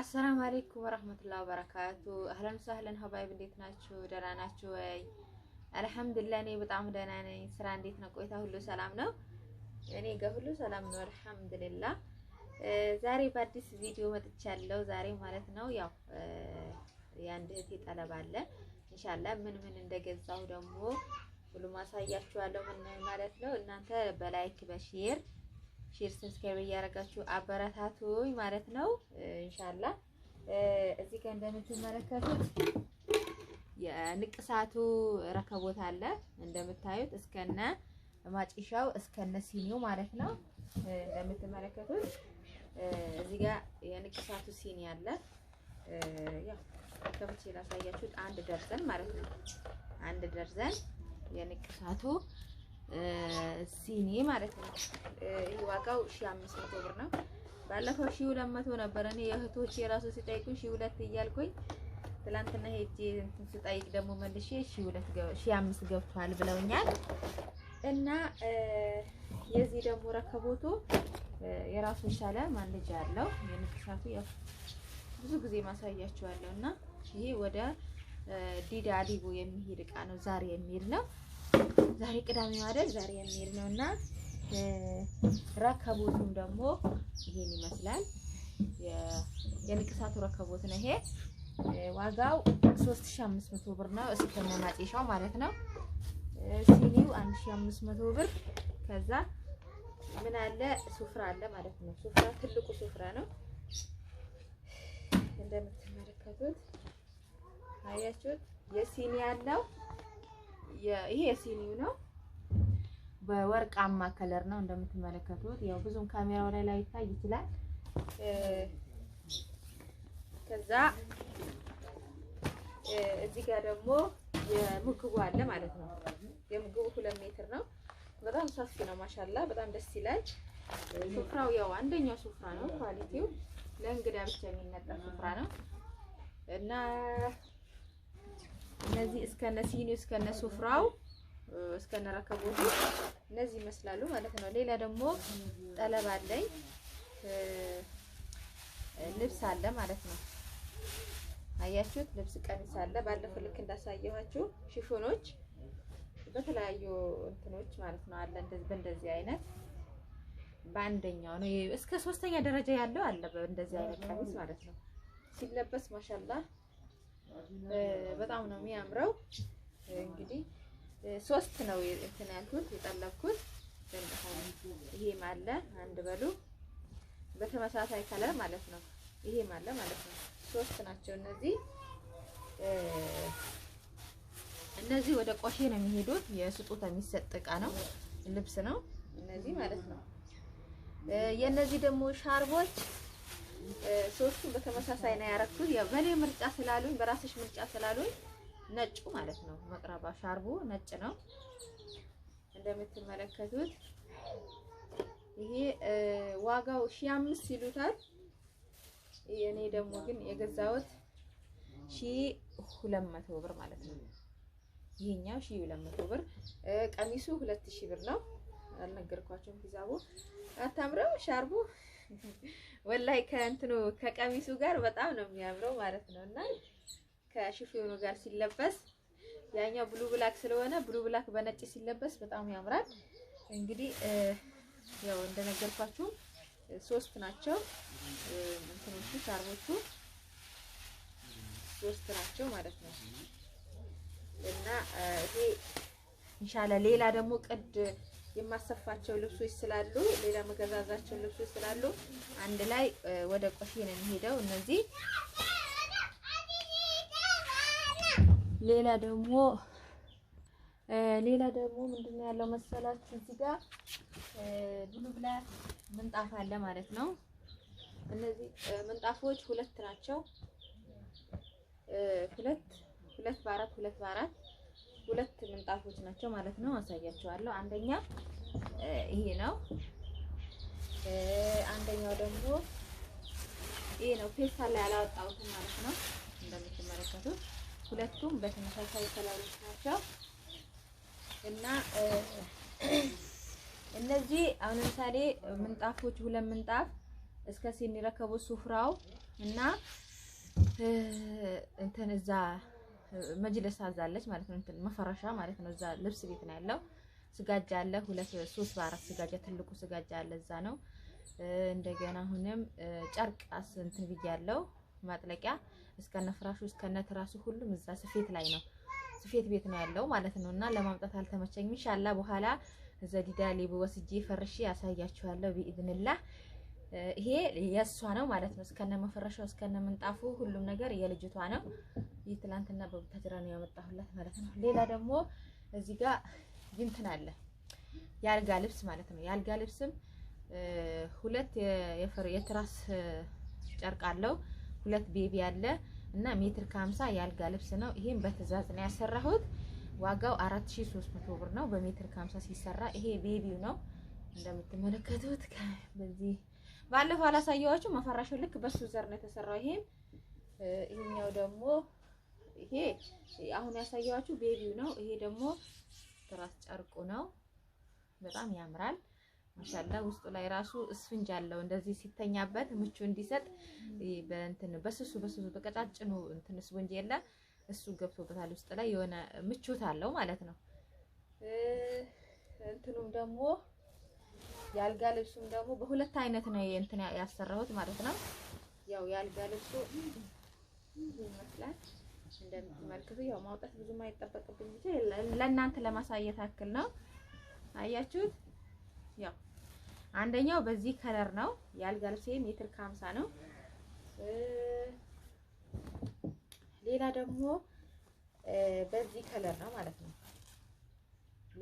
አሰላሙ አሌይኩም ወረህመቱላህ ወበረካቱ። አህለን ሳህለን ሀባይብ እንዴት ናችሁ? ደህና ናችሁ ወይ? አልሐምዱሊላህ እኔ በጣም ደህና ነኝ። ስራ እንዴት ነው? ቆይታ ሁሉ ሰላም ነው? እኔ ጋር ሁሉ ሰላም ነው አልሐምዱሊላህ። ዛሬ በአዲስ ቪዲዮ መጥቻለሁ። ዛሬ ማለት ነው ያው የአንድ እህቴ ጠለብ አለ። ኢንሻላህ ምን ምን እንደገዛሁ ደግሞ ሁሉም አሳያችኋለሁ። ምን ማለት ነው እናንተ በላይክ በሼር ሼር ሰብስክራይብ እያደረጋችሁ አበረታቱኝ ማለት ነው። እንሻላ እዚህ ጋር እንደምትመለከቱት የንቅሳቱ ረከቦት አለ እንደምታዩት እስከነ ማጭሻው እስከነ ሲኒው ማለት ነው። እንደምትመለከቱት እዚህ ጋር የንቅሳቱ ሲኒ አለ። ያው ከብቼ ላሳያችሁ አንድ ደርዘን ማለት ነው። አንድ ደርዘን የንቅሳቱ ሲኒ ማለት ነው። ይህ ዋጋው ሺህ አምስት መቶ ብር ነው። ባለፈው ሺው ሁለት መቶ ነበር። እኔ የእህቶች የራሱ ሲጠይቁ ሺው ሁለት እያልኩኝ ትላንትና ሄጄ እንትን ስጠይቅ ደግሞ መልሼ ሺ ሁለት ሺህ አምስት ገብቷል ብለውኛል። እና የዚህ ደግሞ ረከቦቱ የራሱ የቻለ ማንደጃ አለው። የንቅሳቱ ብዙ ጊዜ ማሳያችኋለሁ። እና ይሄ ወደ ዲዳ አዲቦ የሚሄድ እቃ ነው። ዛሬ የሚል ነው። ዛሬ ቅዳሜ ማደር ዛሬ የሚሄድ ነው እና ረከቦቱም ደግሞ ይሄን ይመስላል። የንቅሳቱ ረከቦት ነው ይሄ። ዋጋው 3500 ብር ነው። እስከ መማጤሻው ማለት ነው። ሲኒው 1500 ብር። ከዛ ምን አለ ሱፍራ አለ ማለት ነው። ሱፍራ ትልቁ ሱፍራ ነው እንደምትመለከቱት አያችሁት። የሲኒ ያለው ይሄ ሲኒው ነው። በወርቃማ ከለር ነው እንደምትመለከቱት። ያው ብዙም ካሜራው ላይ ላይታይ ይችላል። ከዛ እዚህ ጋር ደግሞ የምግቡ አለ ማለት ነው። የምግቡ ሁለት ሜትር ነው። በጣም ሰፊ ነው። ማሻላ በጣም ደስ ይላል። ሱፍራው ያው አንደኛው ሱፍራ ነው። ኳሊቲው ለእንግዳ ብቻ የሚነጠፍ ሱፍራ ነው እና እነዚህ እስከነ ሲኒ እስከነ ሱፍራው እስከነ ረከቦቱ እነዚህ ይመስላሉ ማለት ነው። ሌላ ደግሞ ጠለብ አለኝ ልብስ አለ ማለት ነው። አያችሁት፣ ልብስ ቀሚስ አለ። ባለፈው ልክ እንዳሳየኋችሁ ሽፎኖች በተለያዩ እንትኖች ማለት ነው አለ በእንደዚህ አይነት በአንደኛው ነው እስከ ሶስተኛ ደረጃ ያለው አለ በእንደዚህ አይነት ቀሚስ ማለት ነው ሲለበስ ማሻላ በጣም ነው የሚያምረው። እንግዲህ ሶስት ነው እንትን ያልኩት የጠለብኩት ይሄም አለ አንድ በሉ በተመሳሳይ ከለር ማለት ነው። ይሄም አለ ማለት ነው። ሶስት ናቸው እነዚህ እነዚህ ወደ ቆሼ ነው የሚሄዱት። የስጦታ የሚሰጥ እቃ ነው፣ ልብስ ነው እነዚህ ማለት ነው። የእነዚህ ደግሞ ሻርቦች ሶስቱም በተመሳሳይ ነው ያረኩት። ያው በኔ ምርጫ ስላሉኝ በራስሽ ምርጫ ስላሉኝ ነጩ ማለት ነው መቅረባ ሻርቡ ነጭ ነው እንደምትመለከቱት። ይሄ ዋጋው ሺ አምስት ይሉታል። እኔ ደግሞ ግን የገዛሁት ሺ ሁለት መቶ ብር ማለት ነው። ይሄኛው ሺ ሁለት መቶ ብር፣ ቀሚሱ ሁለት ሺ ብር ነው። አልነገርኳቸውም ሂሳቡ አታምረው ሻርቡ ወላይ ከእንትኑ ከቀሚሱ ጋር በጣም ነው የሚያምረው ማለት ነው። እና ከሽፌኑ ጋር ሲለበስ ያኛው ብሉ ብላክ ስለሆነ ብሉ ብላክ በነጭ ሲለበስ በጣም ያምራል። እንግዲህ ያው እንደነገርኳችሁ ሶስት ናቸው እንትኖቹ ሻርቦቹ ሶስት ናቸው ማለት ነው። እና ይሄ ኢንሻአላ ሌላ ደግሞ ቅድ የማሰፋቸው ልብሶች ስላሉ ሌላ መገዛዛቸው ልብሶች ስላሉ አንድ ላይ ወደ ቆሼ ነው የሚሄደው። እነዚህ ሌላ ደግሞ ሌላ ደግሞ ምንድነው ያለው መሰላችሁ እዚህ ጋር ብሉ ብላ ምንጣፍ አለ ማለት ነው። እነዚህ ምንጣፎች ሁለት ናቸው። ሁለት ሁለት በአራት ሁለት በአራት ሁለት ምንጣፎች ናቸው ማለት ነው። አሳያችኋለሁ። አንደኛ ይሄ ነው፣ አንደኛው ደግሞ ይሄ ነው። ፔስታል ላይ አላወጣሁትም ማለት ነው። እንደምትመለከቱት ሁለቱም በተመሳሳይ ከለሮች ናቸው እና እነዚህ አሁን ለምሳሌ ምንጣፎች ሁለት ምንጣፍ እስከ ሲኒ ረከቡ ሱፍራው እና እንትን እዛ መጅለስ አዛለች ማለት ነው። እንትን መፈረሻ ማለት ነው። እዛ ልብስ ቤት ነው ያለው። ስጋጃ አለ ሁለት ሶስት በአራት ስጋጃ ትልቁ ስጋጃ አለ እዛ ነው። እንደገና አሁንም ጨርቅ እንትን ብያለው ማጥለቂያ እስከነ ፍራሹ እስከነ ትራሱ ሁሉም እዛ ስፌት ላይ ነው። ስፌት ቤት ነው ያለው ማለት ነው። እና ለማምጣት አልተመቸኝም። ኢንሻአላ በኋላ ዘዲዳ ሌብ ወስጄ ፈርሼ ያሳያችኋለሁ ቢኢዝንላህ። ይሄ የእሷ ነው ማለት ነው። እስከነ መፈረሻው እስከነ ምንጣፉ ሁሉም ነገር የልጅቷ ነው። ይህ የትላንትና በቡታጅራ ነው ያመጣሁላት ማለት ነው። ሌላ ደግሞ እዚህ ጋር ይንትን አለ የአልጋ ልብስ ማለት ነው። የአልጋ ልብስም ሁለት የፈር የትራስ ጨርቅ አለው፣ ሁለት ቤቢ አለ እና ሜትር ከሀምሳ የአልጋ ልብስ ነው። ይሄን በትዕዛዝ ነው ያሰራሁት። ዋጋው 4300 ብር ነው በሜትር ከ50 ሲሰራ። ይሄ ቤቢው ነው እንደምትመለከቱት። በዚህ ባለፈው አላሳየዋችሁ መፈራሹ ልክ በሱ ዘር ነው የተሰራው። ይሄም ይሄኛው ደግሞ ይሄ አሁን ያሳየኋችሁ ቤቢው ነው። ይሄ ደግሞ ትራስ ጨርቁ ነው። በጣም ያምራል። ማሻላ ውስጡ ላይ ራሱ እስፍንጅ አለው። እንደዚህ ሲተኛበት ምቹ እንዲሰጥ በእንትን በስሱ በስሱ በቀጫጭኑ እንትን ስፖንጅ የለ እሱ ገብቶበታል። ውስጥ ላይ የሆነ ምቾት አለው ማለት ነው። እንትኑም ደግሞ የአልጋ ልብሱም ደግሞ በሁለት አይነት ነው እንትን ያሰራሁት ማለት ነው። ያው የአልጋ ልብሱ እንደምትመልክቱ ያው ማውጣት ብዙ አይጠበቅብኝ ብቻ ለእናንተ ለማሳየት ያክል ነው። አያችሁት? ያው አንደኛው በዚህ ከለር ነው። የአልጋ ልብሴ ሜትር ከሀምሳ ነው። ሌላ ደግሞ በዚህ ከለር ነው ማለት ነው።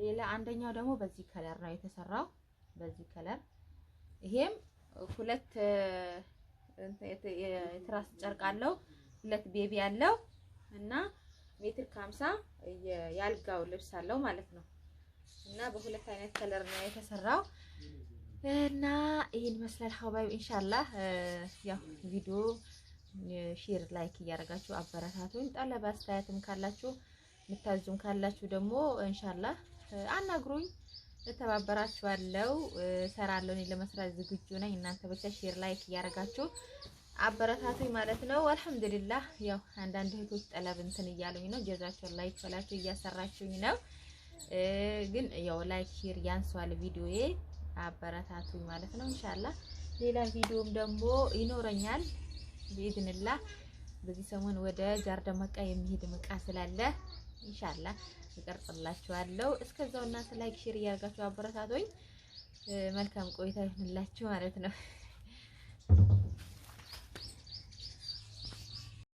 ሌላ አንደኛው ደግሞ በዚህ ከለር ነው የተሰራው። በዚህ ከለር ይሄም ሁለት የትራስ ጨርቅ አለው። ሁለት ቤቢ አለው። እና ሜትር ከሀምሳ ያልጋው ልብስ አለው ማለት ነው። እና በሁለት አይነት ከለር ነው የተሰራው እና ይሄን ይመስላል ሀባይ ኢንሻአላህ። ያው ቪዲዮ ሼር ላይክ እያደረጋችሁ አበረታቱኝ። ጠለብ አስተያየትም ካላችሁ ምታዙም ካላችሁ ደግሞ ኢንሻአላህ አናግሩኝ፣ እተባበራችኋለሁ፣ እሰራለሁ። እኔ ለመስራት ዝግጁ ነኝ። እናንተ ብቻ ሼር ላይክ እያደረጋችሁ አበረታቱኝ ማለት ነው። አልሐምዱሊላህ ያው አንዳንድ እህቶች ጠለብ እንትን እያሉኝ ነው። ጀዛቸውን ላይክ በላቸው እያሰራችሁኝ ነው። ግን ያው ላይክ ሼር ያንሷል ቪዲዮዬ አበረታቱኝ ማለት ነው። ኢንሻአላህ ሌላ ቪዲዮም ደግሞ ይኖረኛል ቢኢዝንላህ። በዚህ ሰሞን ወደ ጃርደ መቃ የሚሄድ ምቃ ስላለ ኢንሻአላህ እቀርጽላችኋለሁ። እስከዛው እናንተ ላይክ ሼር እያደረጋችሁ አበረታቶኝ መልካም ቆይታ ይሁንላችሁ ማለት ነው።